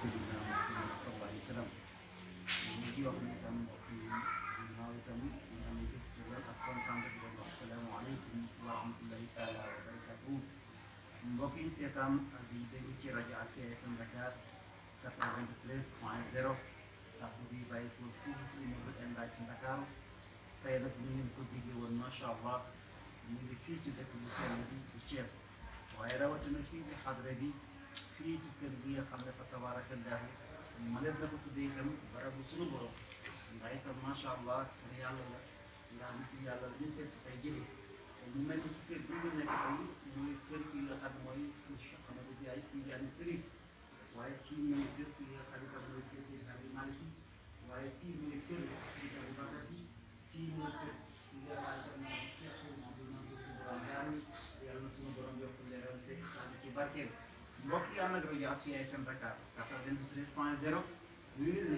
Seydina Muhammad sallallahu alayhi wa sallam ñu ngi wax ne tam mbokk yi ginnaaw itam ñu am dëkk lool ak kontaan di leen wax salaamaaleykum wa rahmatullahi taala wa barakatuh mbokk yi seetaan di dégg ci rajo Afia FM Dakar 93 point 0 ak di bàyyi ko suuf ci Dakar tey nag ñu ngeen ko déggee woon macha allah ñu ngi fii ci dëkk bu sell bi ci Thiès waaye rawatina fii ci xadra bi fii ci kër gi nga xam ne fa tabaarakallaahu mënees na ko tuddee itam barabu suñu borom ndax itam macha allah kër yàlla la ndax nit yàlla la ñu seet si tey jëlee ñu mel ni ci kër gi mooy kii yaani Serigne waaye kii mooy kër gi nga mooy kër si Aliou Malick kii mooy kër gi nga xam kii mooy kër gi nga xam ne mooy Cheikh Ahmadou Ndiaye yàlla na suñu borom yokk leeral mbokk yi na rajo Afia FM Dakar 93.0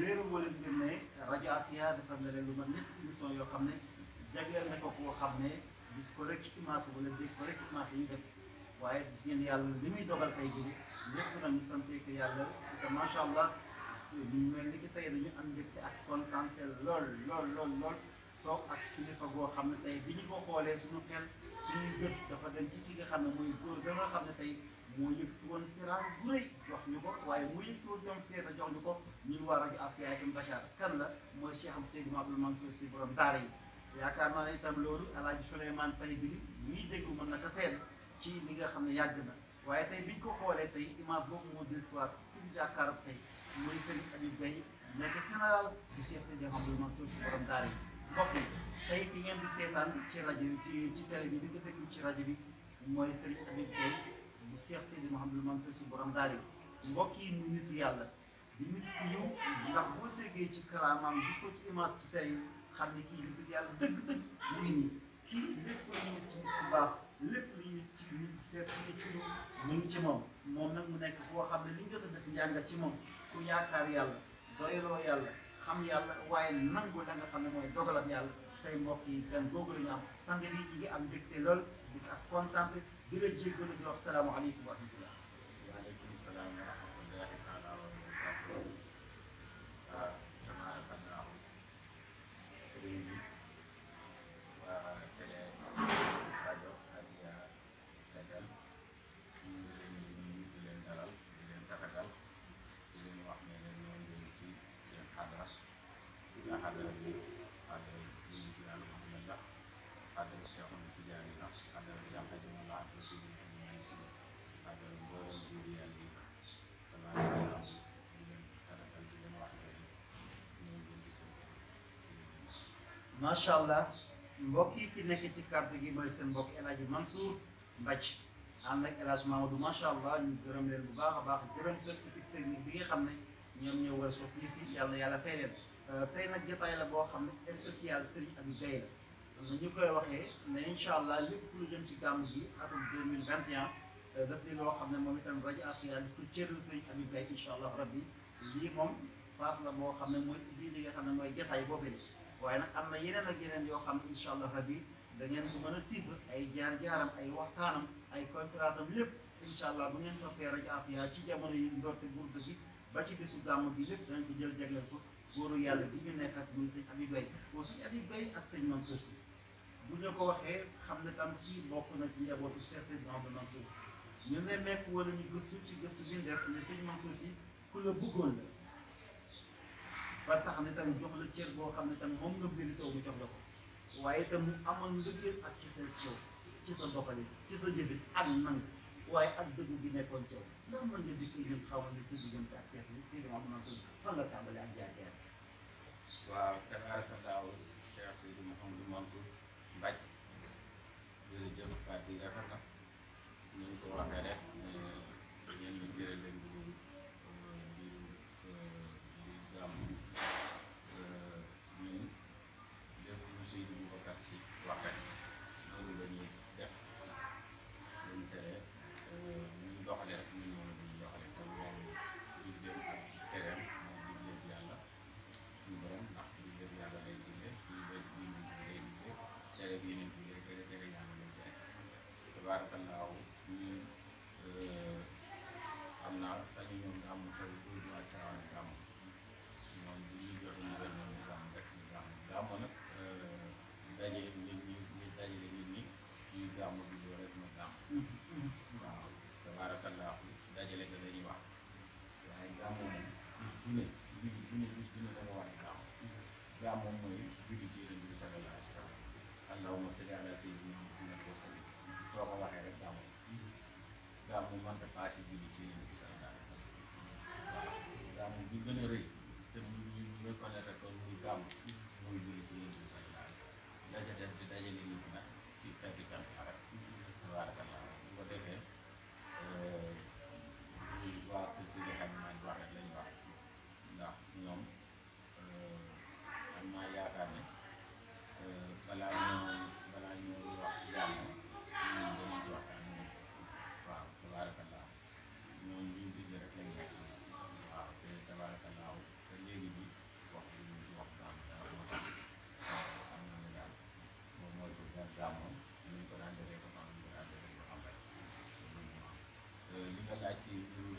réeru moo leen gën ne rajo Afia defar lu ma ñett émission yoo xam ne jagleel na ko koo xam ne gis ko rek ci image wala ko rek ci def waaye gis yàlla li muy dogal tey jii lépp nag ñu yàlla te allah ñu mel am njëkk ak kontaan lool lool lool lool toog ak kilifa goo xam ne tey bi ñu ko xoolee suñu xel suñuy jot dafa dem ci ki nga xam ne mooy góor ga nga xam ne tey. moo yëkkati woon siraan bu rëy jox ñu ko waaye moo yëkkati woon ñoom feeta jox ñu ko ñu ngi a rajo Afia FM Dakar kan la mooy Cheikh am Seydou Abdoul Mansour si borom yi yaakaar naa ne itam loolu El Hadj Souleymane Pay bi ñuy dégg mën na ci li nga xam ne yàgg na waaye tey biñ ko xoolee tey image boobu moo del soir suñu jàkkaarab tey mooy Serigne Habib Gueye nekk général du Cheikh Seydou Abdoul Mansour si borom daara yi mbokk yi tey ki ngeen di seetaan ci rajo bi ci ci bi di ko ci rajo bi mooy Serigne Habib seet bu Cheikh Seydi Mouhamadou Mansour si borom daari mbokk yi muy nitu yàlla di nit ku yiw ndax boo déggee ci kalaamaam gis ko ci image ci tey xam ne kii nitu yàlla dëgg-dëgg mu ñu nit ku ngi ci moom moom nag nekk koo xam ne li ñu def njàngat ci moom ku yaakaar yàlla doyloo yàlla xam yàlla waaye nangu la nga xam ne mooy dogalam yàlla tey mbokk yi gan googu la ñu am sang ngi am mbégte lool di ak kontaan di la jéggalu di wax salaamaaleykum wa rahmatulah macha allah mbokk yi ki nekk ci kàddu gi mooy seen mbokk El Hadj Mansour Mbacke ànd ak El Hadj Mamadou macha allah ñu gërëm leen bu baax a baax gërëm leen équipe technique bi nga xam ne ñoom ñoo war a sotti yàlla yàlla fay euh, tey nag jotaay la boo xam ne spécial Serigne Habib Gaye la. ñu koy waxee ne incha allah lépp lu jëm ci gàmm gi atum 2021 euh, daf li loo xam ne moom itam rajo Afia di ko cëral Serigne Habib Gaye allah rabbi lii moom paas la boo xam ne mooy lii li nga xam ne mooy jotaay boobee waaye nag am na yeneen ak yeneen yoo xam ne incha allah rabi da ngeen ko mën a suivre ay jaar-jaaram ay waxtaanam ay conférence am lépp incha allah bu ngeen toppee rajo Afia ci jamono yi ndorte gurd gi ba ci bisu gàmm bi lépp danañ ko jël jagleel ko góoru yàlla bi ñu nekk ak muy sëñ Habib Baye waaw sëñ Habib ak sëñ Mansour Sy bu ñu ko waxee xam ne tam ci bokk na ci njabootu Cheikh Seydi Mouhamed Mansour ñu ne mekk wala ñu gëstu ci gëstu bi ñu def ne sëñ Mansour Sy ku la bëggoon la ba tax ne tam jox la cër boo xam ne tam moom nga bëri sow mu jox la waaye tam mu amal ak ci xel ci yow ci sa doxalin ci sa jëfin ak nang waaye ak dëggu gi nekkoon ci yow ndax mën nga dikk ñun xaw ma ne si diggante ak seet si li ma xam ne fan la tàmbali ak jaar-jaar. waaw tabaaraka laahu Cheikh Seydi Mouhamadou Mansour Mbaye jërëjëf kàddu yi rafet na ñu tabaarakallaahu euh, ñun xam naa sax ñoom daa am xel ñu waa Tivaouane ñoom bu ñu joxe ñu gën ñu rek ñu gàmm gàmm nag euh, daje nit ñi ñu dajale nit ñi ñuy gàmm du rek ma gàmm waaw tabaarakallaahu dajale ko dañuy wax waaye gàmm moom bu ne bu ne bu ne bis mooy julli ci Yonent bi sallallahu alayhi wa aasi bi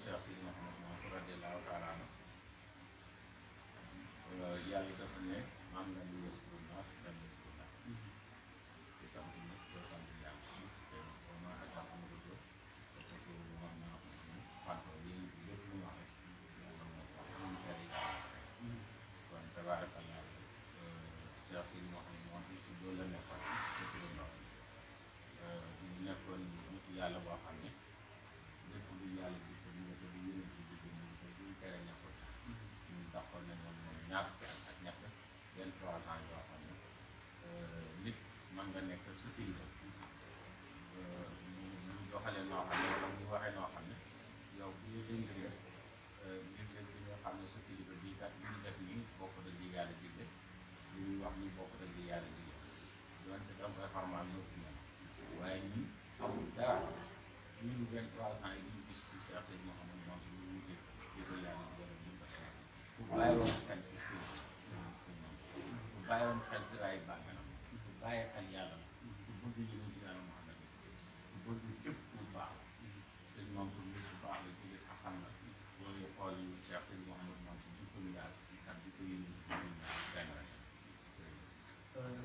Seex si sa kilifa euh, ñu doxalee noo noo xam ne yow bu ñu leen euh, di leen mbir leen bi xam ne sa kilifa bii kat bi ñu def nii bokk da li yàlla digle li ñuy wax nii bokk da li yàlla digle doonte da waaye ñun amul dara ñun vingt trois ñu gis si Cheikh Seydou Mouhamed Mansour ñu mujjee di ko yàlla ñu ko ku bàyyi woon xel xel ci raay bànk na ku jógee ñu ci yàlla mu ànd ak bu bëgg képp ku baax la sëñ Mansour nit ku baax la jógee xam la loolu nga xool yu Cheikh sëñ Mouhamadou Mansour jikko yu yàlla ak jikko yu ñu benn rek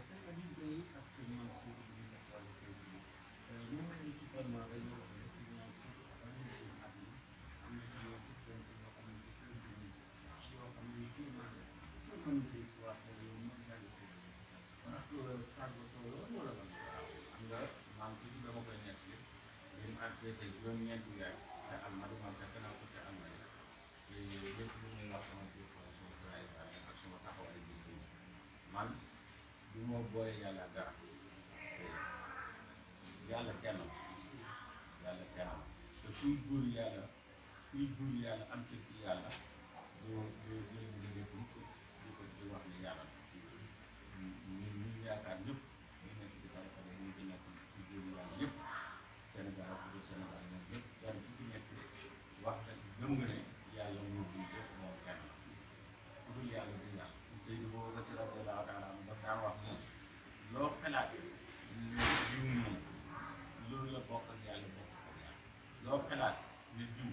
sëñ Aliou Gueye ak sëñ Mansour bu ñu def wàllu kër gi ñu mel ni vraiment dañoo wax ne sëñ Mansour ak am na seen at yi am na ci yoon différent yoo xam ne différent yi yoo xam ne kii maa la sëñ Aliou Gueye si waa yow mën ngaa ko wax at dese juróom-ñeenti weer te almadi man fekk naa ko ci almadi lépp lu ñuy wax sama biir xool sama xalaat ak sama taxawaay bi man du ma boole yàlla dara yàlla kenn yàlla kenn te kuy góor yàlla kuy góor yàlla am ci yàlla doo doo doo njëkk di ko di wax ni yàlla ñun ñun yaakaar ñëpp ñu nekk ci kàlla kàlla ñu ngi ci nekk ci góor yàlla yëpp. gëm nga ne yàlla mu ngi lépp moom kenn ku dul yàlla du ñaar Seydou boobu la si radiyallaahu taala anhu daf daan wax moom loo xalaat ne jiw moom loolu la bokk ak yàlla bokk ak yàlla loo xalaat ne jiw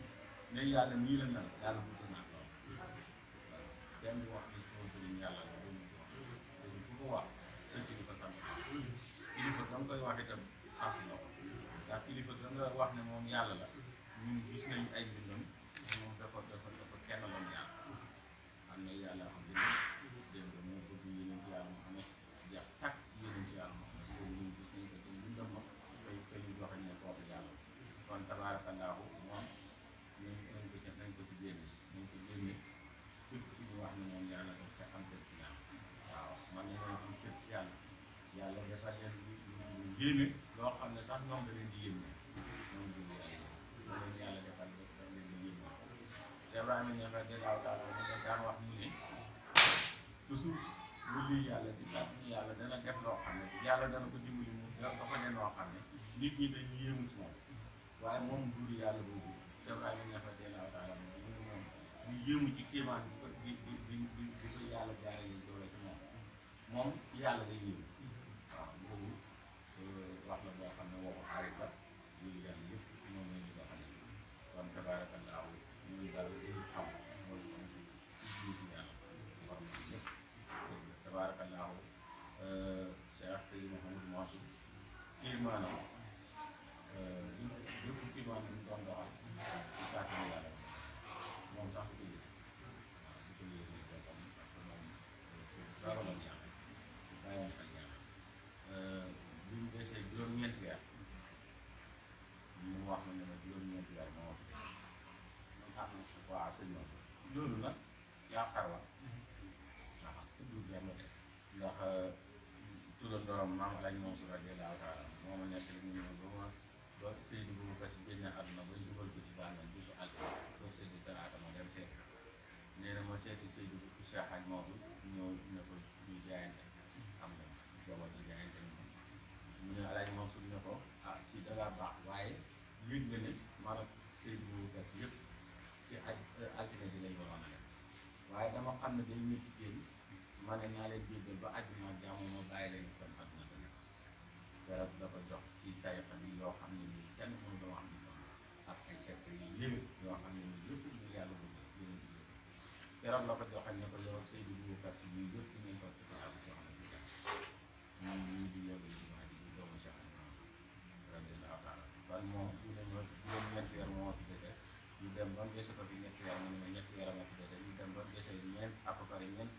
ne yàlla nii la mel yàlla bëgg naa lool dem wax ne soo sëriñ yàlla la loolu loolu ku ko wax sa kilifa sant kilifa da nga koy wax itam xam na ko ndax kilifa da nga wax ne moom yàlla la ñun gis nañ ay matériel loo xam ne sax ñoom da leen di yéeme ñoom lu yàlla ci kàttan loo xam ne yàlla dana ko dimbali mu dafa ne loo xam ne waaye moom buur yàlla boobu Cheikh Ibrahima Niass radiyallaahu taala mu ne moom ñu yéemu ci kéemaan bi ko bi bi bi ko yàlla jaaree doole ci moom moom yàlla day yéemu waaw boobu wax la boo xam ne waxu xaarit la ñu ngi daan yëpp moom la ñu doxalee kon tabaarakallaahu ñun daal li ñu xam mooy li ñu jiitu yàlla war nañ maam El Hadj Mansour radiyallaahu taala moo ma nekk li mu ñëw ba ma ba Seydou Boubou Kassi génne àdduna ba jubal ma seeti nee na ma seeti Seydou Cheikh Hadj ne ko ñu jaayante xam nga dogal di jaayante mu ne El Hadj Mansour ne ko ah, si dala baax waaye yëg nga ne maanaam Seydou Boubou Kassi yëpp ci aj altine ji lañ waroon a def waaye dama xam ne day métti génn ma ne naa leen jéggal ba àjj ci tariqa yoo xam ne nii kenn mënu la wax ni ak ay secte yu yële yoo xam ne nii lépp ñu yàlla bu yëpp keroog la ko joxal ne ko yow say dugubkat si ñuy yëpp ñu toog ci kanamu soxna bi kat moom ñu di yóbbu ci maa ne ma juróom ñetti weer moo fi dem ba mu dese ko fi ñetti weer mu ne a dem ba mu dese ñeent à peu près ñeent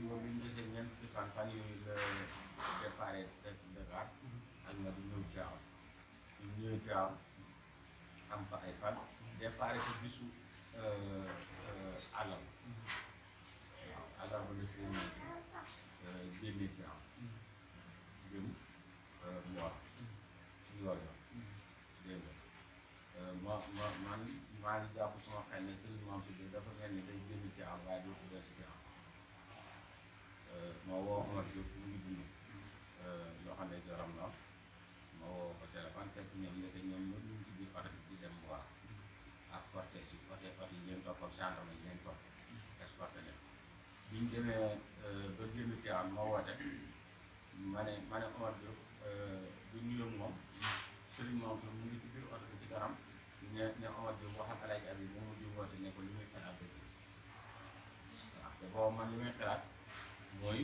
bi moom bi ñu desee ñeent fukki fan fan yooyu la départ Dakar mm-hmm. ak nga di ñëw Tiwaawan ñu ñëw Tiwaawan am fa ay fan départ ci bisu euh, euh, àllam mm-hmm. waaw ba la seen euh, génne mm-hmm. ci yoor yoon dégg ma maa ngi jàpp sama xel ne sëriñ Mansour bi dafa mel ni day génn Tiwaawan waaye doo ko dellu si Tiwaawan ma woo Omar Diop mu ngi dund yoo euh, xam ne joram la ma woo ko téléphone fekk ñoom ñoo ñoom ñoo ñu ci ak cortège si oto oto yi leen topp ak gendarme yi leen topp escorté euh, ma woote ma ne ma ne Omar Diop euh, du nuyoog alaaj abi moom mu di woote ne ko li muy xalaat bëgg te boobu man li muy xalaat mooy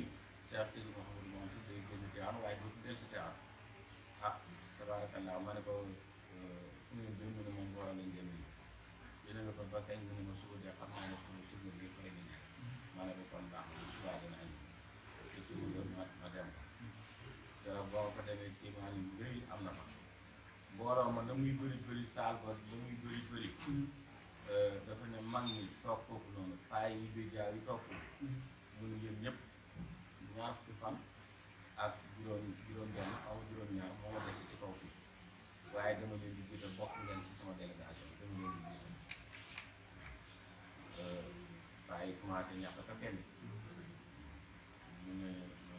Cheikh Sidi Mouhamadou Mansour si Tiwaawan ah, ma ne ko euh, fu ngeen jëm mu ne moom boora lañ jëm yéen a nga fa na suba ma ma dem ko am na ma la muy bëri bëri saal ba la bëri bëri euh, dafa ne mag ñi toog foofu noonu paa yi béjaaw yi toog foofu mm-hmm. mu ne yéen ñëpp ñaar fukki fan ak juróom juróom-benn aw juróom-ñaar moo ma des ci kaw fii waaye dama leen di jiital bokk ngeen ci sama délégation dama leen di waaye euh, commencé ñàkk ka fenn mu ne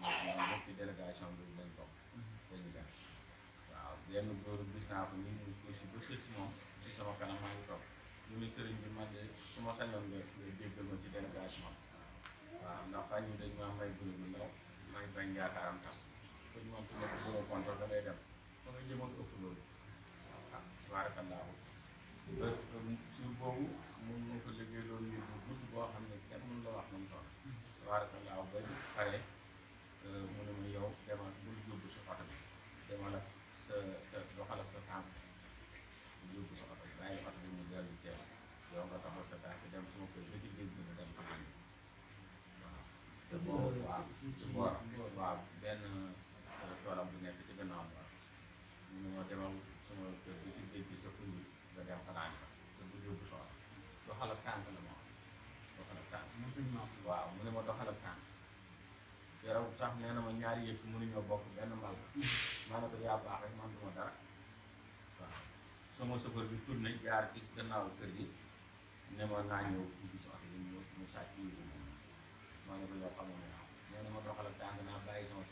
moom bokk waaw benn góor gis naa ko ñu ngi ko si ba sës si sama kanam maa ngi toog ñu ne sëriñ bi man de su ma sañoon nga déggal ci délégation waaw ndax fan yii dañ maa may guddi bu ndaw may bañ yaakaaram tas ku ñu moom fi nekk bu ma fonto da ngay dem ba nga jëmoon ëpp loolu waaw waaw waaye kan laa ko. boobu. sëñ Mansour waaw mu ne ma doxalal temps yow sax nee na ma ñaari yëpp mënuñoo bokk benn mbal ma a ko yaa baax rek man duma dara waaw sama sofër bi tourné jaar ci gannaaw kër gi ne ma naa ñëw mu mu sàcc yi mu ma am nee na ma doxalal temps naa bàyyi sama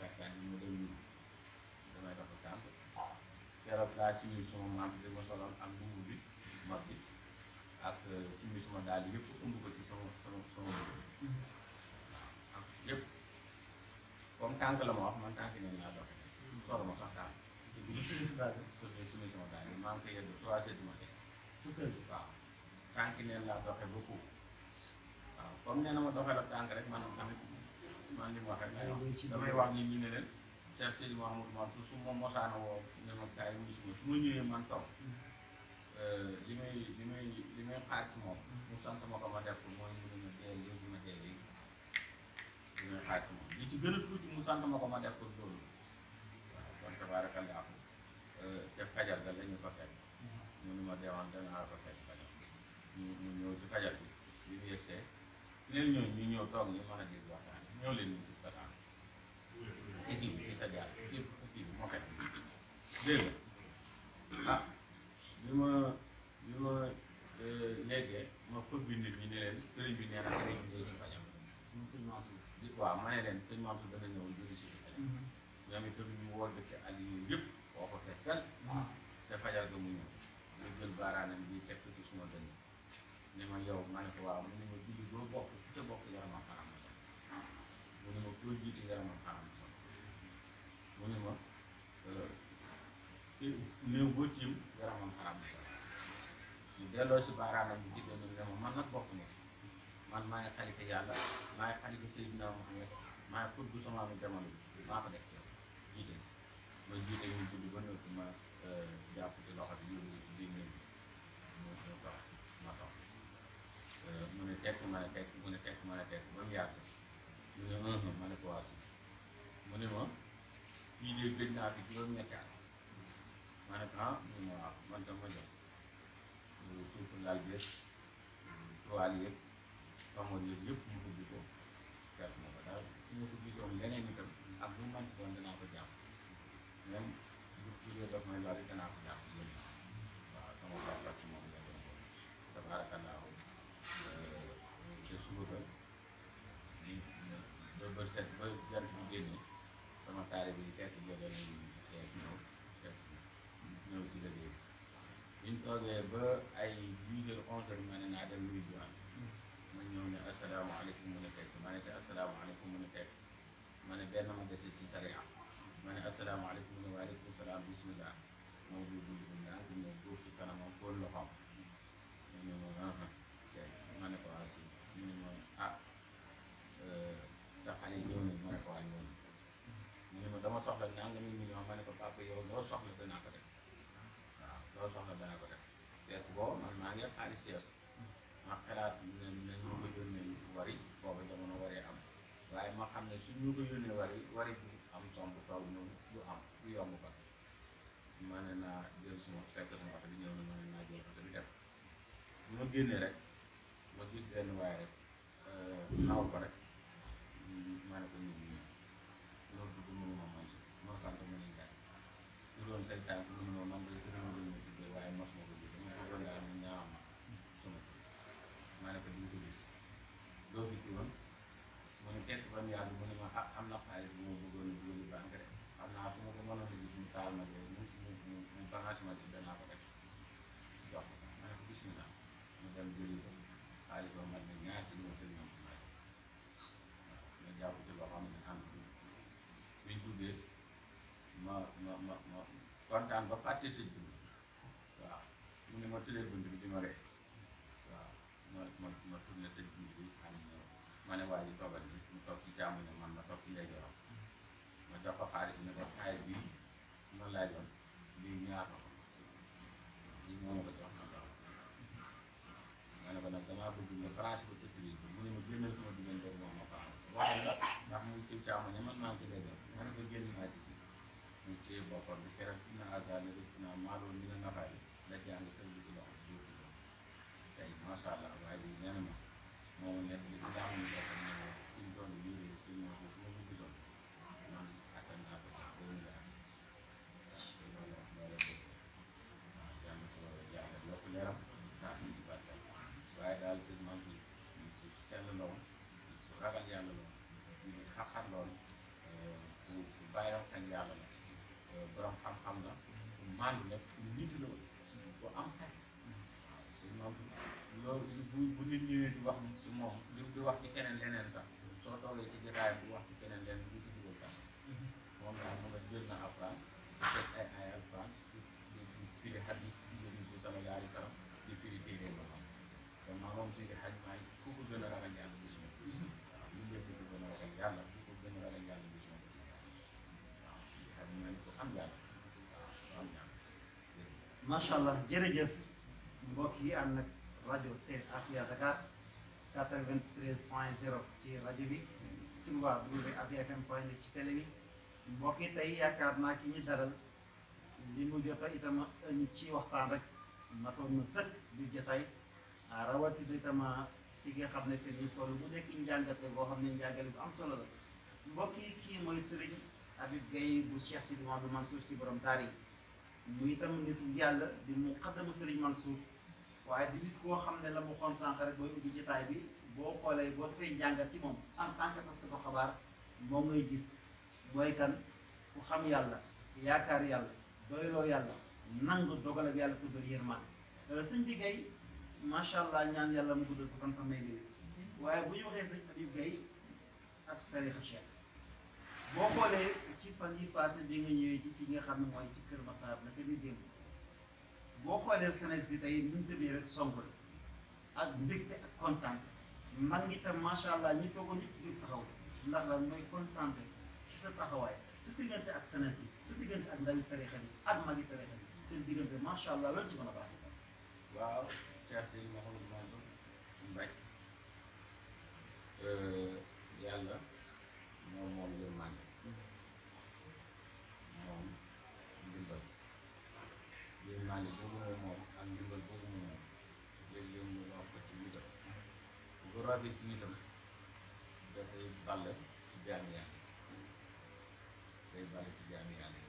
maam bi ma soloon am mbubu bi mag bi ak suñu suma daal yëpp ëmb ko ci yëpp comme tànk la ma wax man tànk nañ laa doxe soro ma sax tànk te bi suñu suma daal maa la tànk rek man tamit man li su ma mosaana woo ne ma kaay wuyu su ma su man toog mm. Euh, li may li may li may xaar ci moom mu sant ma ko ma def ko mooy mu ne ma dee léegi ma dee léegi li may xaar ci moom li ci gën a tuuti mu sant ma ko ma def ko loolu waaw kon tabaarakallaahu euh, te fajar ga la ñu fa fekk mu ne ma deewaan danaa fa fekk fajar ñu ñu ñëw ci fajar bi bi ñu yegsee leen ñëw ñu ñëw toog ñu mën a dégg waxtaan ñëw leen ñu ci waxtaan équipe bi ci sa jaar équipe équipe bi moo xet dégg nga ah bi ma bi ma léegee euh, ma fëgg nit ñi ne leen sëriñ bi a na dana ñëw si fañam. waaw ma ne leen sëñ Mansour dana ñëw julli si fañam. Mhm. ñoom itam ñu woo ci àll yooyu yëpp woo ko fekkal. Mhm. waaw te fajar ga mu ñëw. ñu jël baaraanam bi teg ci suma dënn ne ma yow ma ne ko waaw mu ne ma julli boo bokk ku ca bokk yaramam xaram la mu ne ma koo euh, boo tiim delloo si baaraamam bi jiite na ne man nag bokk na man maay xalifa yàlla maay xalifa Seydina Muhammad maay xut bu sama jamono bi maa ko def jiite ma jiite euh, ci loxo bi yóbbu ma ma ma toog mu ne ma ne tekk mu ne tekk ma ne tekk ba mu yàgg ma ne ko waa si mu ne ma fii de gëj naa fi juróom-ñetti at ma ne ko ah mu ne ma waaw man tam ma jox suufu laal bi yëpp toile yëpp tàngoor yëpp yëpp ñu ubbi ko perte ma ko daal su ma ko gisoon leneen itam ak lu man doon danaa ko jàpp même bu kii daf may laal danaa ko jàpp léegi waaw sama papa ci moom la doon ko tabaarakallaahu euh, te suba ba ba ba set ba jar bu génne sama taalibe bi fekk joxe nañu bi toogee ba ay dix heures onze heures ma ne naa dem luy diwaan ma ñëw ne asalaamaaleykum mu ne tekk ma ne te asalaamaaleykum mu ne tekk ma ne benn ma dese ci sariya ma ne asalaamaaleykum mu ne waaleykum salaam bisimilah moo ci kanamam ma ne ma ah kay ma ne ko ah si ñu ne ma ah euh, sa xale yi ñëw nañ ah, million ma ne ko papa yow loo soxla loolu soxna dana ko def seet boobu man maa ngi yor xaalis sees ma xalaat ne nañu ko yónnee wari boobu jamono waree am waaye ma xam ne suñu ko yónnee wari wari bu am somb taw ñoom du am du yomb ko ma ne naa jël suma fekk suma oto bi ñëw na ma ne naa jël oto bi def ma ma gis benn waaye rek naaw euh, ko rek ma ma ma kontaan ba fàtte tëj bi waaw mu ne ma tëjee di ma ree waaw ma ma ma tourné tëj bunt bi xam ne ma ne waa ji toogal bi mu toog ci jàmm ne man ma toog ma jox ko xaalis ne ko xaalis bi ma laajoon lii ñaar ko lii moo ma ko jox ma jox ma ne ko nag damaa bëgg nga branché ko sécurité bi mu ne ma génnal sama diggante moom ma faam ragal yàlla la ku xaqan lool euh, yàlla la euh, borom xam-xam la ku mànd la ku nit la ku am xel waaw su moom bu bu nit ñëwee di wax moom li di wax ci keneen leneen sax soo toogee ci jotaay macha allah jërëjëf mbokk yi ànd ak rajo te Afia Dakar quatre-vingt-treize point zéro ci rajo bi Touba Bourg Afia FM point net ci télé bi mbokk yi tey yaakaar naa ki ñu daral li mu jota itam ëññ ci waxtaan rek matoon na sëkk du jotaay rawatina itam fi nga xam ne fi ñu toll bu nekk njàngate boo xam ne njàngale bu am solo la mbokk yi kii mooy Serigne Habib Gueye bu Cheikh Sidi Mamadou Mansour ci borom daar yi muy itam nit yàlla di mu xaddama Serigne Mansour waaye di nit koo xam ne la mu xon sànq rek booy mujj bi boo xoolee boo koy jàngat ci moom en tant que parce que ko xabaar moom ngay gis mooy kan ku xam yàlla yaakaar yàlla doyloo yàlla nangu dogal ak yàlla tuddal yërmande euh, sëñ bi gay macha allah ñaan yàlla mu guddal sa fan fan may déglu waaye bu ñu waxee sëñ yu Guèye ak tarixa Cheikh boo xoolee. fan yi passé bi nga ñëwee ci nga xam ne mooy ci Kër Massar la te ni démb boo xoolee senes bi tey ñu tëbee rek song ak mbégte ak kontaan mag ngi tam macha allah ñi toogoon ñëpp di taxaw ndax lan mooy kontaan ci sa taxawaay sa diggante ak senes bi sa diggante ak ndawi tarixa bi ak magi tarixa bi seen diggante macha allah loolu ci mën a baax. waaw Cheikh Seydou Mouhamadou Mansour Mbaye euh, yàlla moom moom yërmande maani boobu moom moom ak mu wax ko ci nitam bu rabee ci nitam dafay balle ci jaami yàlla day balle ci jaami yàlla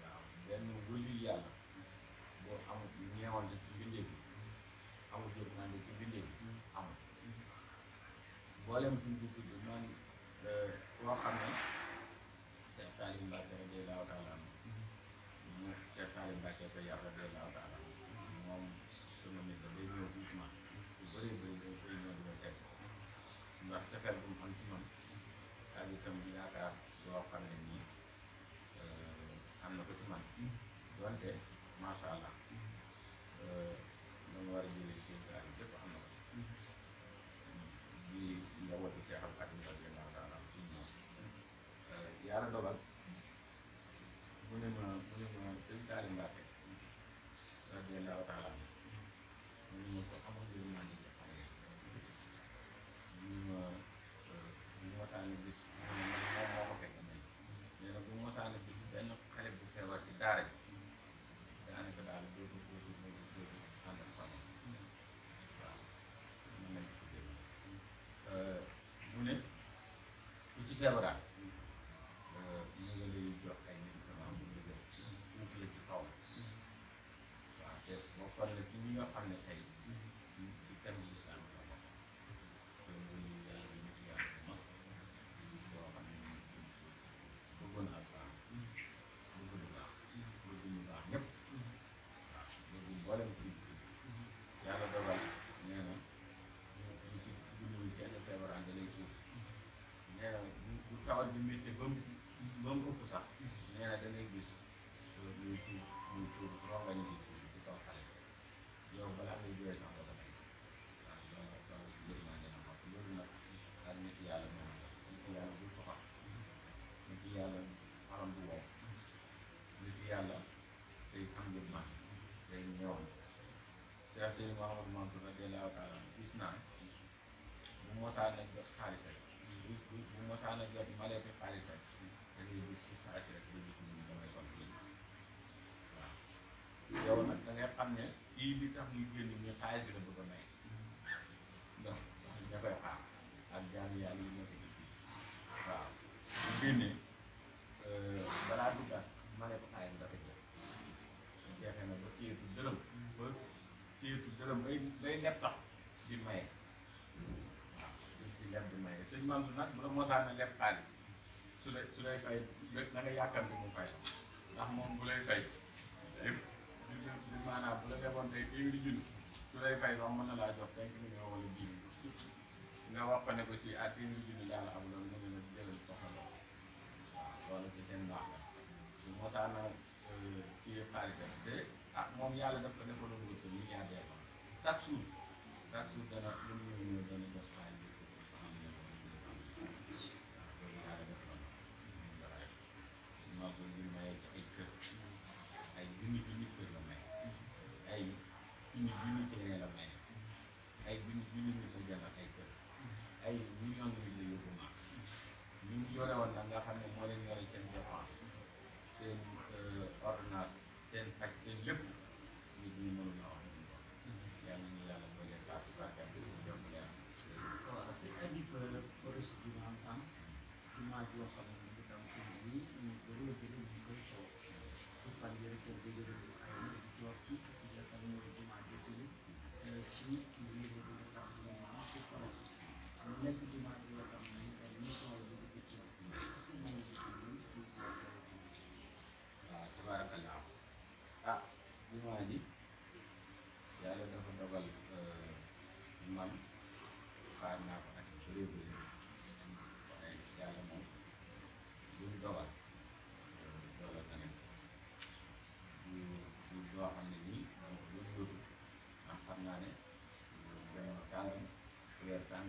waaw benn wëllu yàlla boo amul ñeewante ci bindee bi amul jëf naa ne ci bindee bi amul mboolem fi wante macha allah nu euh, mu war a jëlee seen saal yi yëpp am na ko di njabootu Seex Abdul Xaadir radiyallaahu taala anhu suñu moom euh, yàlla dogal mu ne ma mu ne ma sëñ Saali Mbàkke radiyallaahu taala feebaraat yi euh, nga lay jox ay médicaments mun nga jox ci uuf la ci kaw waaw te boo xoolee ci ñi nga xam ne tey ci kan bi islam la bokk te muy yàlla nit yàlla bu mag boo xam ne bëgg na ak baax bëgg lu baax bëgg ñu baax ñëpp waaw léegi mboolem Cheikh Seydi Mouhamadou Mansour radiyallaahu taala gis naa bu mosaa a jot xaalis bu bu bu mosaan a jot maleeku xaalis rek da ngay gis si saa si rek nga gis ni damay sonn génn yow nag da ngay xam ne kii bi tax ñu génn ñu xaalis bi la bëgg a ña koy xaar ak jaam yàlla yi nekk ci waaw bu génne demoon bay bay leb sax di maye waaw si leb di maye sëñ Mansour nag bu la mosaan na leb xaalis su lay su lay fay na nga mu fay ndax moom bu lay fay bu la leboon tey téeméeri junni su lay fay mën na laa jox cinq millions wala dix nga wax ko ne ko si ah téeméeri junni daal am loolu mu ne la jëlal toxaloo waaw loolu ci seen baax la euh, ah, moom yàlla daf ko defaloon wut sa milliardaire chaque jour dana ñun ñoo dana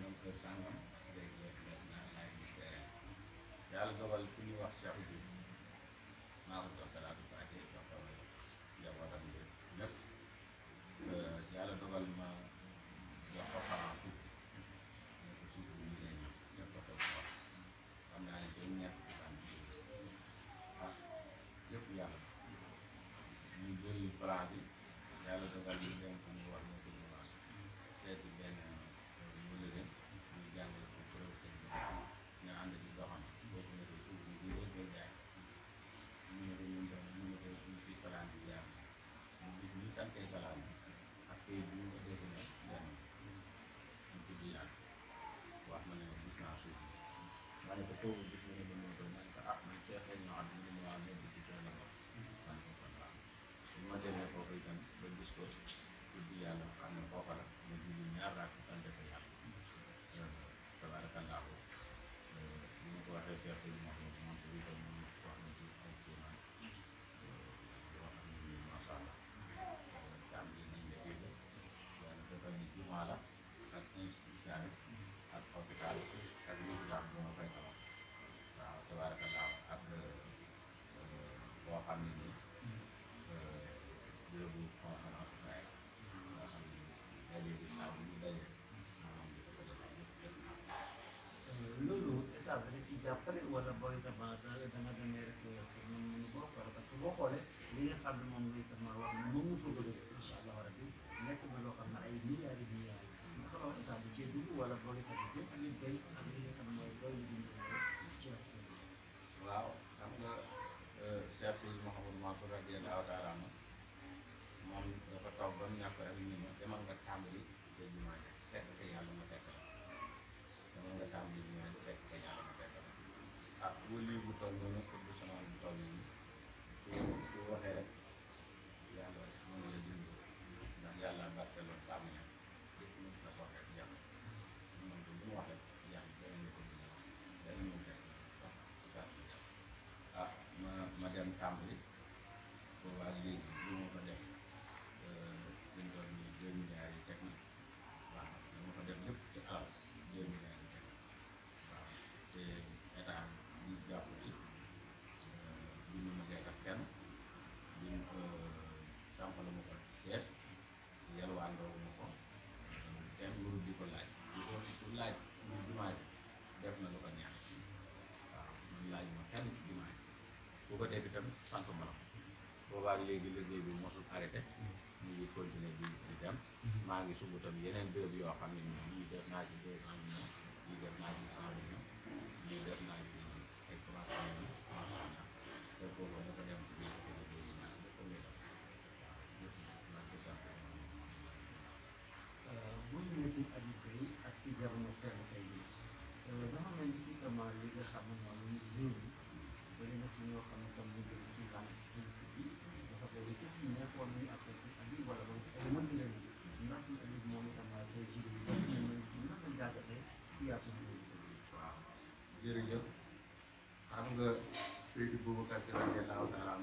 sàngam kër sàngam léegi léegi def naa naa gis terrain yàlla dogal ku wax Cheikh Diouf forward après ci jàppale wala booy damaa dama demee rek si moom ñu bokk wala parce que boo xoolee li nga xam ne moom moom mu fëgg la incha allah rabi nekk na loo xam ne ay milliards bi cee wala boo leen kat nga xam ne mooy booy dund ci wax seen waaw xam nga euh, Cheikh Sidi Mouhamadou Mansour radiyallahu toog ba mu ñàkk rek ñu ne nga tàmbali sa jumaa teg fa yàlla ma teg la demal nga tàmbali wëliw bu toll boobaak léegi liggéey bi mosul arrêté ñu mm-hmm. ngi continuer di di mm-hmm. maa ngi sumb tam yeneen béréb yoo xam ne nii lii def naa ci deux cent millions lii def naa ci cent millions lii def naa ci ay trois cent millions trois cent millions te foofu dafa dem ci biir liggéey naa dafa lay def waaw maa ngi euh, ñu nee si Habib euh, xam ne moom ñu ngi léegi bëri ci ñoo xam ne ci lan waaw jërëjëf xam nga Seydou Boubacar Sy radiyallaahu taala am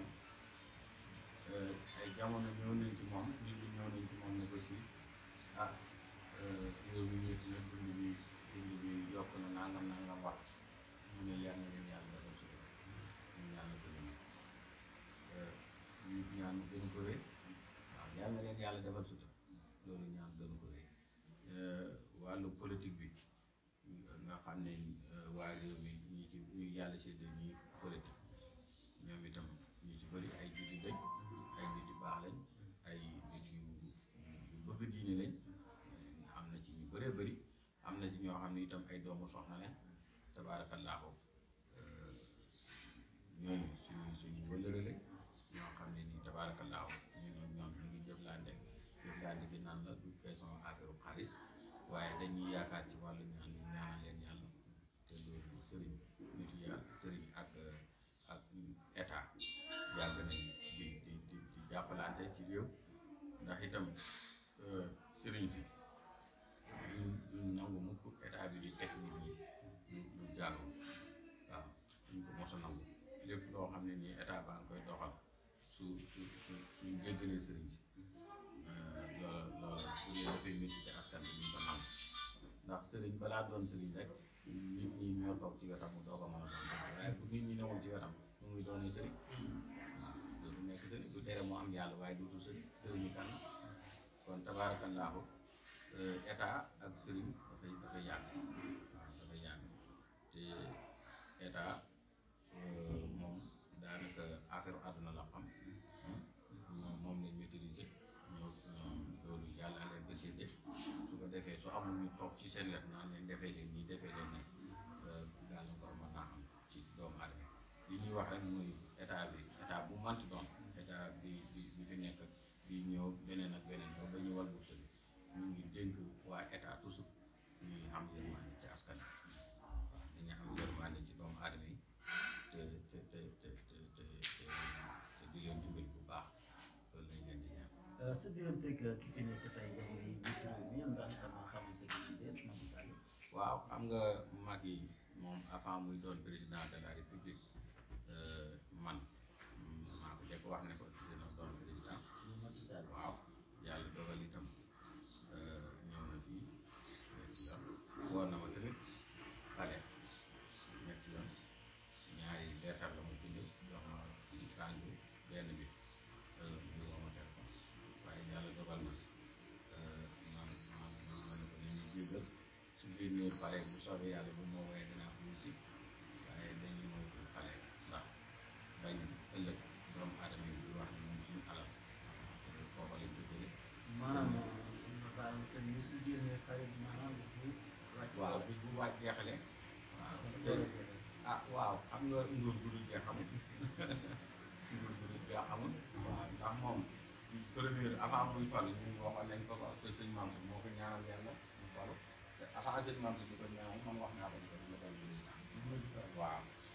ay jamono ñëw nañ moom nit ñëw nañ moom ne ko si ah eh, réew na dund bi dund yàlla defal sutura loolu ñaan gën ko rëy euh, wàllu politique bi nga xam ne euh, waa réew mi ñi ci ñu yàlla sédd ñi politique ñoom itam ñu ci bëri ay nit yu ay nit baax lañ ay nit yu bëgg diine lañ am na ci ñu bëree bari am na ci ñoo xam ne itam ay doomu soxna lañ tabaarakallaahu itam euh, sëriñ si ñu nangu mukk état bi di teg nit ñi ñu ñu waaw ñu ko mos nangu lépp loo xam ne nii état baa ngi koy doxal su su su suñ jéggalee sëriñ si euh, loolu loolu sëriñ balaa doon ci wetam mu bu tere moo am yàlla waaye dootu sëriñ sëriñu kan kon tabaarakallaahu euh, état ak sëriñ dafay dafay yàgg waaw dafay yàgg te état euh, moom daanaka affaire àdduna la xam moom lañ maîtriser ñoo loolu yàlla leen ko séddee su ko defee su amul ñu toog ci seen wet naan defee leen xam nga Macky moom avant muy doon président de la pare bu soobee yàlla bu si waaye dañuy moom pare bi su génnee pare maanaam waaw bis bu waaj jeexalee. waaw waaw xam nga nguur gu dul jeex amul nguur gu dul waaw ndax moom premier avant muy falu ñun waxoon nañ ko ko te sëñ Mansour moo ko ñaanal yàlla mu falu te avant sëñ Mansour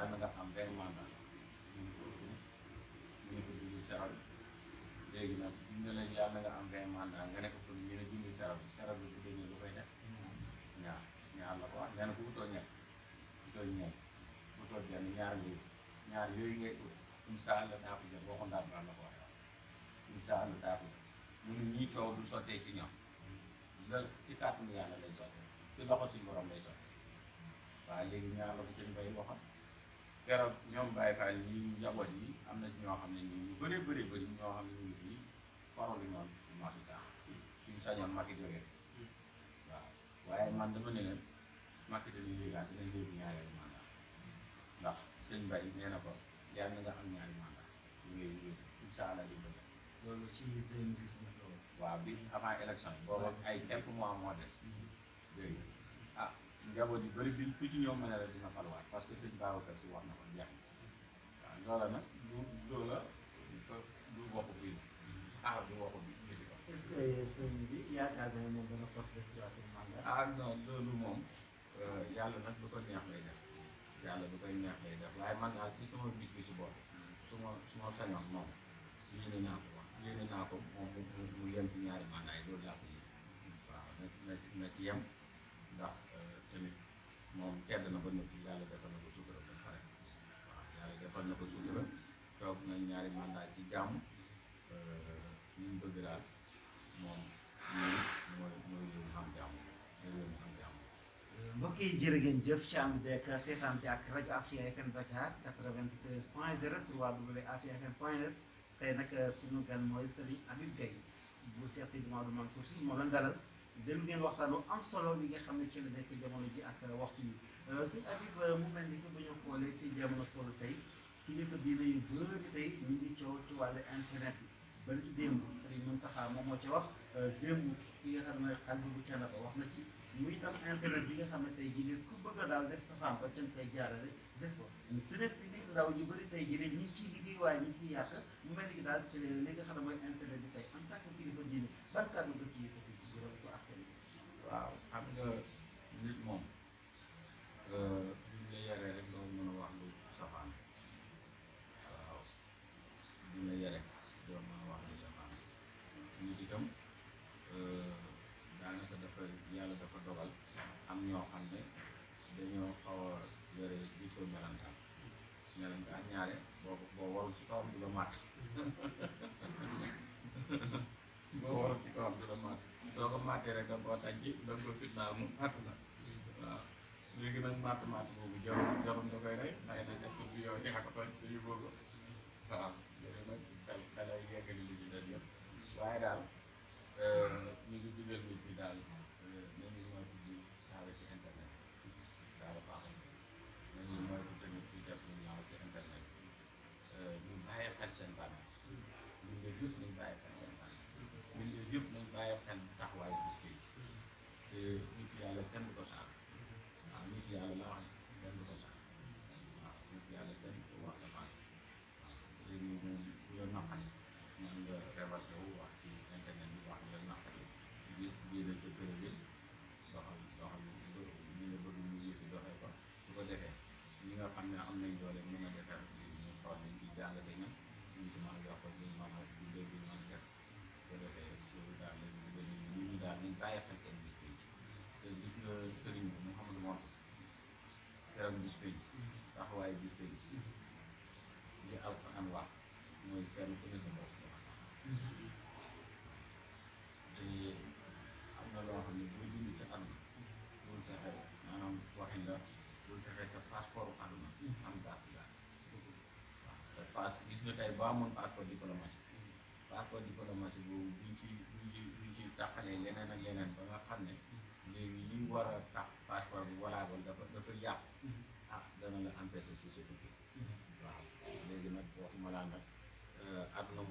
yàlla nga am benn mandat la am benn mandat nga ne ko pour ñu ne dundul sarax bi sarax bi bu génnee lu koy def ñaar ñaar la ko wax nee na ku utoo ñett utoo ñeent utoo ñaar ngay ñaar yooyu ngay ut um saa la daa ko jël boo ko ndaat la ko waxee um saa la daa jël mu ne ñii taw du sottee ci ñoom loolu ci kàttanu yàlla lay sottee ci loxo suñu borom lay sottee waaye léegi ñaar la ko seen bay waxoon keroog ñoom Baye Fall yi njaboot yi am na ñoo xam ne ñu ñu bëree bëri bëri ñoo xam ne ñu ngi fii farolu ñoon matu sax suñu sañoon Macky jógee waaw waaye man dama ne leen Macky dañuy jógaat dinañ dégg ñaareelu mandat ndax sëñ Baye nee na ko yàlla na nga am ñaari mandat ñu ngi ñu incha allah di bëgg loolu ci 2019 waaw bi avant élection boobu ay quelques mois moo des jaboot yu bëri fii ku ci ñëw mën a la dina faluwaat parce que sëñ Babacar si wax na ko jeex waaw loola ah, bi yaakaar nga moom dana forcé ci waa seen mandat ah non moom euh, yàlla nag du ko neex lay def yàlla du koy neex lay def waaye man daal ci sama bis bi si bopp su ma su ma sañoon moom yéene naa ko wax yéene naa ko moom mu yem ci ñaari mandat loolu laa waaw na na yem moom tedd na ba noppi yàlla defal na ko yàlla defal na ko sutura toog na ñaari mandat ci jàmm ñu euh, mu bëgg daal moom mooy mooy lu mu jàmm mooy lu euh, jëf ci am beeg seetaan bi ak rajo Afia FM Dakar 93 point 0 3Afia FM point net tey nag euh, suñu gan mooy Serigne Habib Gueye bu Cheikh Seydou Maodo Mansour Sy moo leen dalal. déglu ngeen waxtaan lu am solo bi nga xam ne ci la nekk jamono ji ak waxtu yi euh, sëñ Habib euh, mu mel ni que bu ñu xoolee fii jamono toll tay kilifa diine yu bëri tey ñu ngi coow ci wàllu internet bi ba ci démb Serigne moom moo ci wax euh, nga xam ne xalifa bu Thiénaba wax na ci muy tam internet bi nga xam jii ne ku bëgg a daal def sa femme ba cam koy jaarale def ko semestre bi ndaw ñu bëri tey jii ne ñi ci liggéey waaye ñi ciy yàq mu mel ni daal ci li nga xam ne mooy internet bi tey en tant que kilifa diine ban kàddu nga ciy waaw xam nga nit moom euh, buñ la yaree rek doo mën a wax lu safaan waaw buñ la yaree doo mën a wax lu safaan nit itam euh, daanaka dafa yàlla dafa dogal am ñoo xam ne dañoo xaw a yore jikko melantaan ñaare boo boo warul ci kawam la màtt màttee rek danga koo dajji danga ko fitnaal mu màtt la waaw léegi nag màtt màtt boobu jarul jarul da koy rey ndax nag est-ce que du yow yaa ko tooñ dañu bëgg waaw li ci def yëpp waaye daal euh, tamit bëgg sa te am na loo xam ne boo dund ci àdduna bul fexe maanaam waxin la bul fexe sa passeport àdduna am dàq la waaw sa passe gis nga tey boo amoon passeport diplomatique passeport diplomatique boobu buñ ci buñ ci buñ ci ak leneen ba nga xam ne léegi li war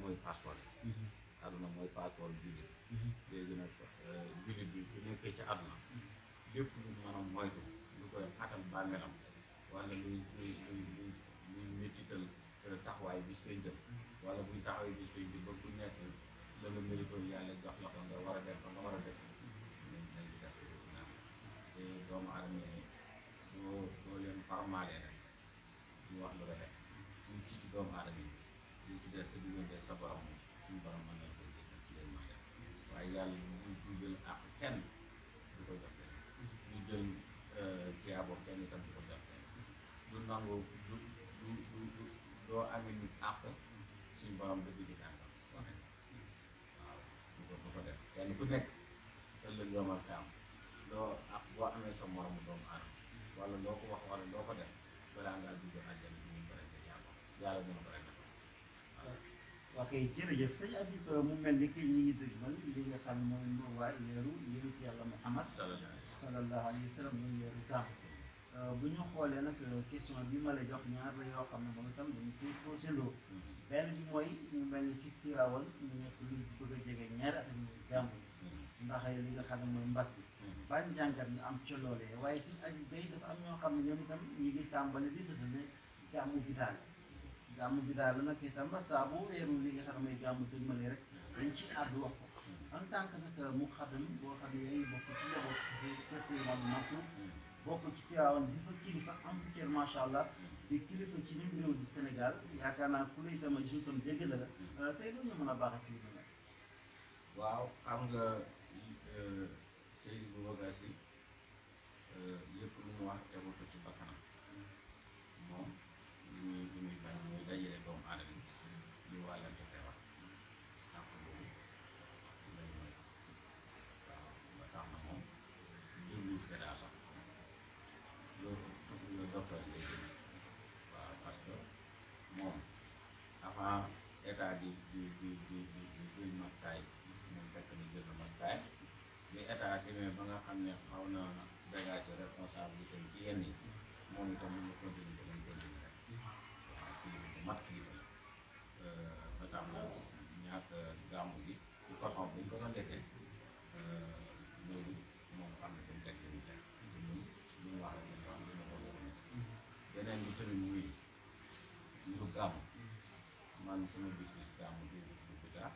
mooy passeport bi mm-hmm. àdduna mooy passeport jullit mm-hmm. léegi nag euh, jullit bi bu nekkee ci àdduna mm-hmm. lépp lu mën a moytu lu koy atal bàmmeelam wala luy luy luy luy luy métital euh, taxawaay bis koy jëm wala buy taxawee bis koy jëm ba ku nekk la nga méritoon yàlla jox la ko nga war a def nga war a def nañ nañ di def naan te doomu aadama yi boo boo leen parmaalee rek ñu wax lu rafet ñu ci ci doomu aadama des sa diggante sa borom suñu borom mën nañ koy jéggal ci leen magal waaye yàlla ñu ñu jël ko jox kenn ñu jël euh, tiyaabo kenn itam di ko jox kenn du ku nekk ëllëg yoomal ka am doo ak boo amee sa moromu doomu aadama wala loo ko wax wala loo ko def balaa ngaa dugg àjjana bi ñu bëri yàlla yàlla dina waa kay jërëjëf sëñ Habib mu mel ni que ñu ngi dëgmal li nga xam mooy nurwaay leeru leeru yàlla Muhammad sallallahu alayhi euh, bu ñu xoolee nag euh, question bi ma la jox ñaar la yoo xam ne moom itam dañu koy posé loo benn bi mooy ñu mel ni ki Tiwaawan ñu nekk lu bëgg a jege ñaari at muy gàmm ndax li nga xam ne mooy mbas bi ban jàngat ñu am ca waaye sëñ Habib Beye dafa am ñoo xam ne ñoom itam ñu ngi tàmbali di fësal ne gàmmu bi daal gàmmu bi daal nag itam saa boo weeru li nga xam ne gàmmu dëgmale rek dañ ci àddu wax ko en tant que nag mu xadam boo xam ne yaa ngi bokk ci njaboot Seex Seydi Mouhamadou Mansour bokk ci Tiwaawan di fa kilifa am fi kër macha allah di kilifa ci ñun réew di Sénégal yaakaar naa ku ne itam a jiitam dégg la la euh, tey lu ñu mën a baax a kilifa la waaw xam nga euh, Seydou Boubacar Sy euh, lépp lu mu wax tegu ko ci avant état di di di di di duy matukaay moom fekk ni jël na matukaay bi état demee ba nga xam ne xaw na dégager responsabilité bi ci yenn yi moom itam mu continuer di leen continuer rek waaw kilifa bu mat kilifa la ba tax na ñàkk gàmmu gi ci façon bu ñu ko doon defee man sama gis-gis daa mu du du biddaa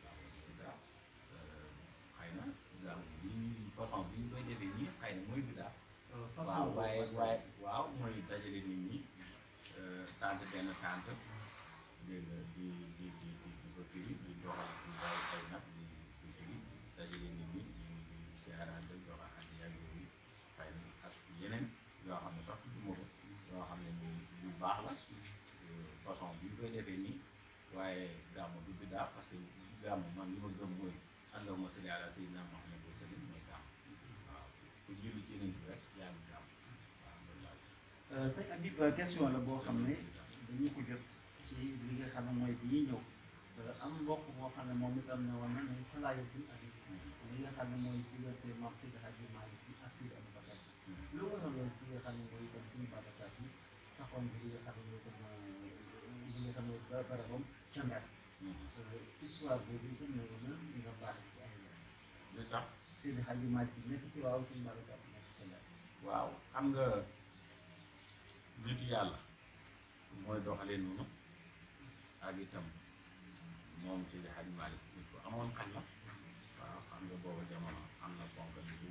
daa mu du biddaa xëy na daa lii façon bi ñu koy defee nii xëy na mooy biddaa waaw waaye waaye waaw mooy dajale nit ñi tànt benn tànt salli ala sayyidina Muhammad wa sallim mooy gàmm euh, euh, question la boo xam ne dañu ko jot ci li nga xam ne mooy bi ñuy ñëw euh, am mbokk boo xam ne moom itam ne woon na ne xalaat si Habib li xam ne mooy diggante maam Seydi Hadji Malick xam ne mooy itam xam ne mooy li xam ne barabam ca Ndar mm-hmm. li tax Seydi Hadji Malick waaw xam nga nitu yàlla mooy doxalee noonu ak itam moom Seydi Hadji Malick nit ko amoon xel la waaw xam nga booba jamono am na ponk li ci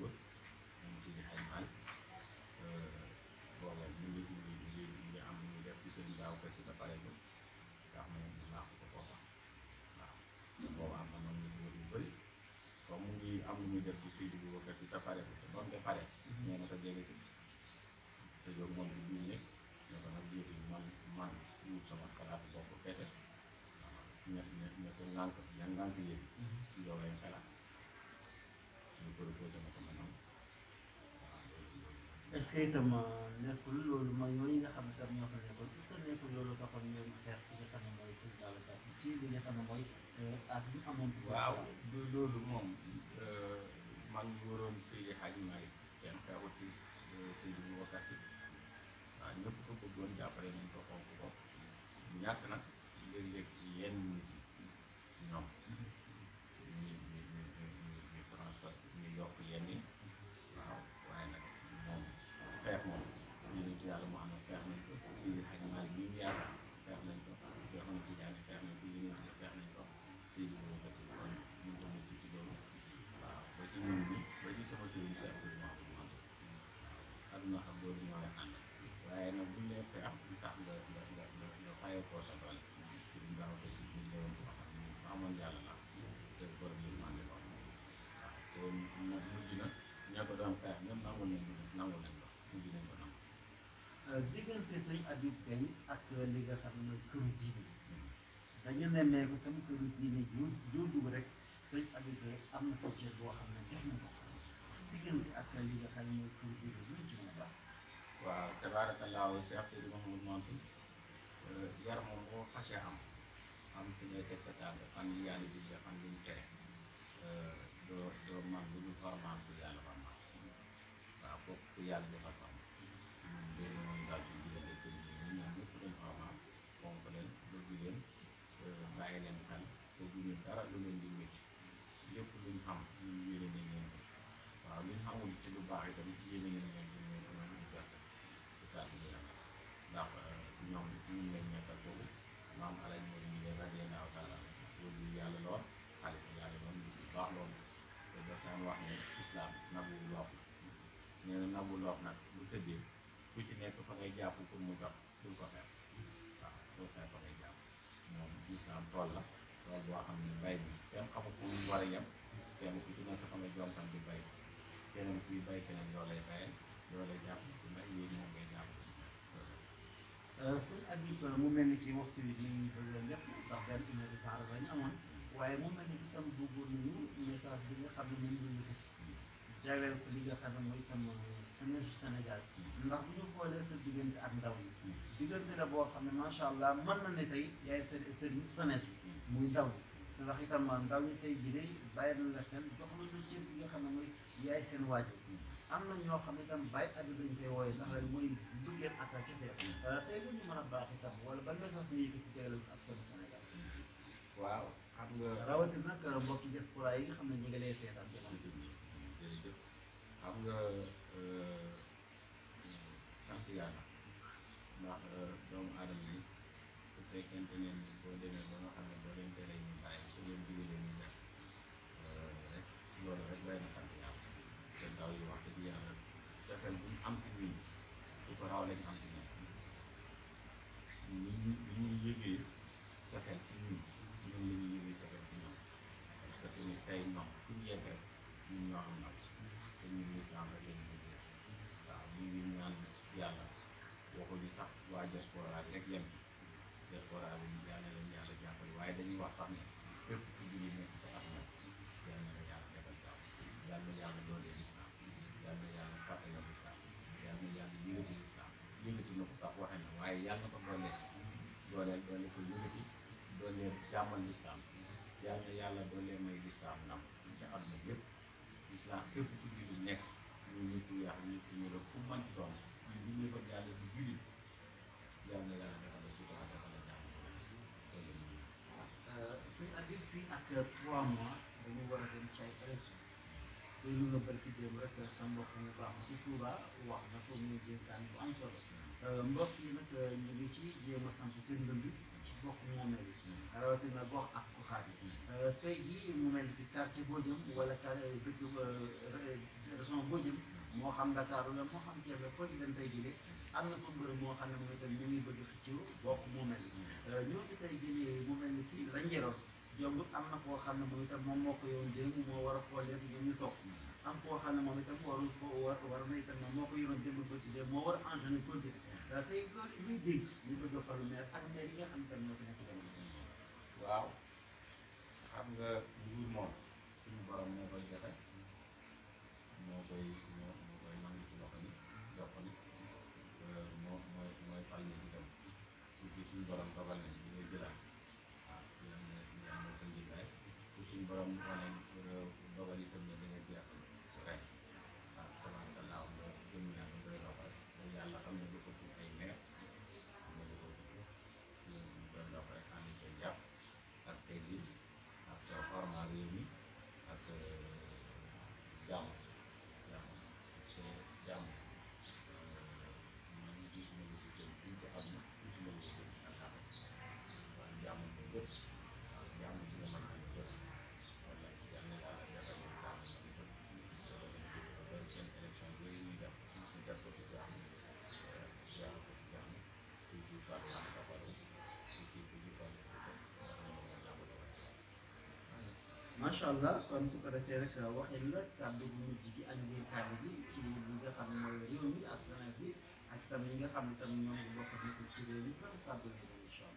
ñu def ci suy bi ba si te pare te donte pare ñee na ko jege si te yow moom bi ñu nekk ne ko nag jiitu man man ñu sama xalaat bopp kese ña ña ña ko ngànk ña ngànk yéen yow mm-hmm. lañ xalaat ñu proposé na ko ma noonu est ce que itam euh, nekkul loolu mooy ñooñu nga xam ne tam ñoo fa nekkul est ce que nekkul loolu taxoon ñoom xeex ki nga xam ne mooy seen daal ci li nga xam ne mooy euh, as bi amoon. waaw loolu moom. mag ñi waroon Seydi Hadji Malick kenn xewati euh, Seydi Boubacar Sy waaw ñëpp ko bëggoon jàppale nañ ko fonk ko ñàkk nag léeg-léeg yenn ñoo xam bu ñu lay fay am tax nga na ña ko doon fay ñoom nangu nañ euh, diggante sëñ Habib Gaye ak li xam ne këru diine hmm. dañu nemmeeku tam këru diine ju rek sëñ Habib Gaye am na ko cër boo xam ne def na ko. ci diggante ak li nga xam ne pour bi ci mu baax waaw tabaarakallaahu Cheikh Sidi Mahmoud Mansour eh, yar moom boo xasee am am fi ngay teg sa tànk xam li yàlla bi nga xam li mu tere eh, doo doo man lu ñu formal bu yàlla formal waaw kooku ku yàlla defal nee na nambu nag bu tëddee ku ci nekk fa ngay jàpp pour mu dox pour ko xeex waaw pour xeex fa ngay jàpp moom gis naa tool la tool boo xam ne mbay bi kenn xamul fu mu war a yem kenn ku ci nekk fa nga jonkan di bay keneen kuy bay keneen yoo lay bayee yoo lay jàpp ci mbay yooyu moom ngay jàpp sëñ Habib mu mel ni ci waxtu bi ñu bëggoon lépp ndax benn une heure de temps la ñu amoon waaye mu mel ni itam dugg nañu message bi nga xam jagleel ko li nga xam ne mooy tam jeunesse su Sénégal ndax bu ñu xoolee sa diggante ak ndaw yi diggante la boo xam ne macha allah mën na ne tey yaay seen seen jeunesse bi muy ndaw bi ndax itam ndaw ñi tey jii day bàyyi na la xel jox la ñu nga xam ne mooy yaay seen waajur am na ñoo xam ne itam bàyyi addu lañ koy wooye ndax rek mooy duggeen attaque tey lu ñu mën a baax itam wala ban message ñu yëkkati jagleel ko askan Sénégal waaw xam nga rawatina nag mbokki diaspora yi nga xam ne ñu ngi lay xam nga euh, sant yàlla ndax euh, doomu sax ne fépp fu julli nekk te am na yal na yàlla defal jàmm yal na yàlla dooleel lislaam yal na yàlla kàttanal lislaam yal na yàlla yëngati lislaam dooleel dooleel dooleel ko yëngati yàlla dooleel may lislaam nam te am na yëpp lislaam fépp fu julli nekk ñu nit ku yàq nit ñu la ku manti doon que trois mois dañu war a dem ci ay élection loolu nga bërki démb rek euh, sa mbokk mu baax ci Touba wax na ko muy dénkaan bu am solo euh, mbokk yi nag euh, ñu ngi ci jéem a samp seen ndënd ci gox moomeel yi rawatina gox ak goxaat yi tey jii mu mel ci quartier boo jëm wala dëkk région boo jëm moo xam Dakar la moo xam Thiès la foo ci dem tey jii de am na ko mbër moo xam ne moom itam ñu ngi bëgg xëccoo gox moomeel yi ñooñu tey jii mu mel ni kii la njëroon yombut am na koo xam ne moom itam moom moo ko yoon démb moo war a foolee ba ñu toog am koo xam ne moom itam warul foo war na itam moom moo ko yoroon démb ba moo war a enchaîner politique tey loolu ñuy dégg ñu bëgg a falu maire yi nga xam ne tam ñoo fi nekk jamono waaw xam nga nguur moom suñu borom moo koy joxe moo macha allah kon su ko defee rek waxin la kàddu bu mujj gi ak biir kàddu gi ci li nga xam ne ak séance bi ak tam ñi nga xam ne tam ñoom bokk nañ ko ci réew mi kàddu gi incha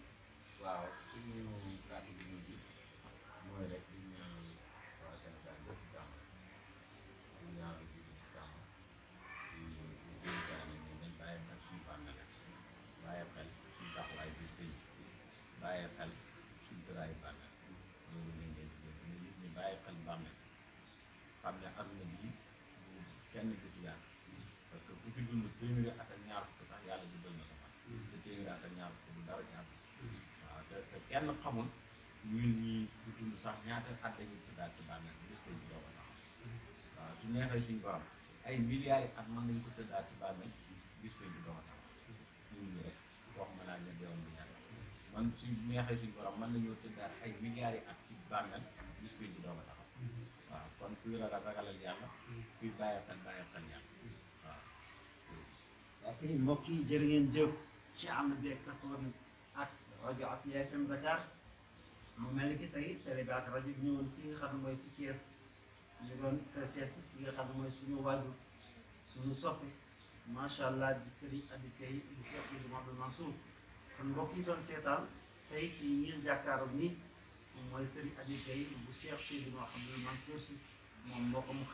téeméeri at ak ñaar fukk sax yàlla ji doy na sama mm-hmm. te téeméeri at ak ñaar fukk du dara ñaar mm-hmm. waaw te te kenn xamul ñun ñi dund sax ñaata at dañuy tëddaat ci bàmmeel bi gis dañu doog a taxaw waaw su neexee suñu borom ay milliards yi at mën nañu ko gis dañu doog a ma laa ne deewam bi ñàkk man suñ neexee suñu borom mën nañoo tëddaat ay milliards at ci bàmmeel gis dañu doog a taxaw waaw kon kuy ragal ragalal yàlla kuy bàyyi xel bàyyi xel yàlla ok mbokk yi jërë ngeen jëf ci am bi ak safoon ak rajo Afia FM Dakar mu mel ni ki tey télé bi ak rajo bi ñëwoon fi nga xam mooy ci Thiès ñu doon seet si fi nga xam ne macha allah di sëriñ Abi Tey di Cheikh Sidi Mouhamadou Mansour kon mbokk yi doon seetaan tey kii ngeen jàkkaaroon ni mooy sëriñ Abi Tey bu Cheikh Sidi Mouhamadou Mansour si moom moo ko mu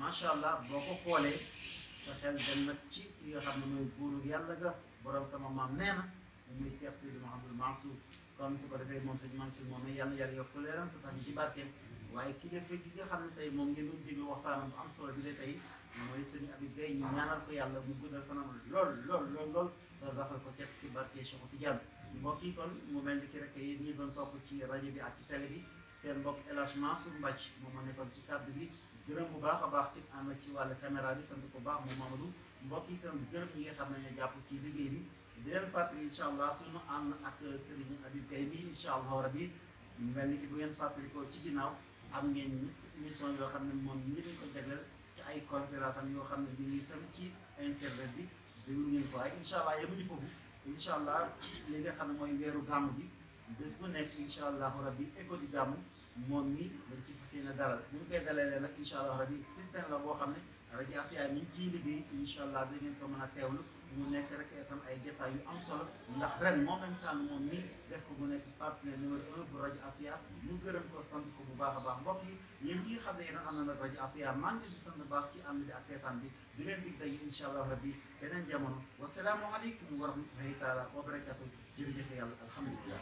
macha allah boo ko xoolee. sa xel dem nag ci ki nga xam ne mooy buuru yàlla ga borom sama maam nee na muy Cheikh Seydi Mouhamadou Mansour kon su ko defee moom sëñ Mansour moom ne yàlla yàlla yokk leeram te tax ñu ci barkeem waaye ki defee ki nga xam ne tey moom ngeen doon déglu waxtaanam bu am solo bi de tey mooy sëñ Abi Gaye ñu ñaanal ko yàlla mu guddal fanam lool lool lool lool te rafal ko teg ci barke Cheikh Tidiane mbokk yi kon mu mel ni ki rek yéen ñi doon topp ci rajo bi ak ci télé bi seen mbokk El Hadj Mansour Mbacke moom ma nekkoon ci kàddu gi gërëm bu baax a baax am na ci wàllu caméra bi sant ko baax moom Mamadou mbokk yi itam gërëm ñi nga xam ne ñoo jàpp ci liggéey bi di leen fàttali incha allah suñu ànd ak Serigne Habib Gaye bi incha allah mu mel ni ki bu ngeen fàttali ko ci ginnaaw am ngeen ñetti émission yoo xam ne moom ñu ngi ko jagleel ci ay conférence am yoo xam ne ñu ngi itam ci internet bi déglu ngeen ko waaye incha allah yemuñu foofu incha allah ci li nga xam ne mooy weeru gàmm bi bés bu nekk incha allah rabi écho di gàmm. moom mi dañ ci fas yéene dalal bu ñu koy dalalee nag incha allah rabi système la boo xam ne rajo Afia mi ngi ciy liggéey incha allah da ngeen ko mën a teewlu mu nekk rek itam ay jotaay yu am solo ndax ren moom lañ tànn moom mi def ko mu nekk partenaire numéro un bu rajo Afia ñu gërëm ko sant ko bu baax a baax mbokk yi yéen ñi am na nag rajo Afia maa ngi leen di sant baax ci am bi ak seetaan bi di leen dig incha allah rabi beneen jamono wasalaamualeykum wa rahmatullahi taala wa barakatu jërëjëf yàlla alhamdulilah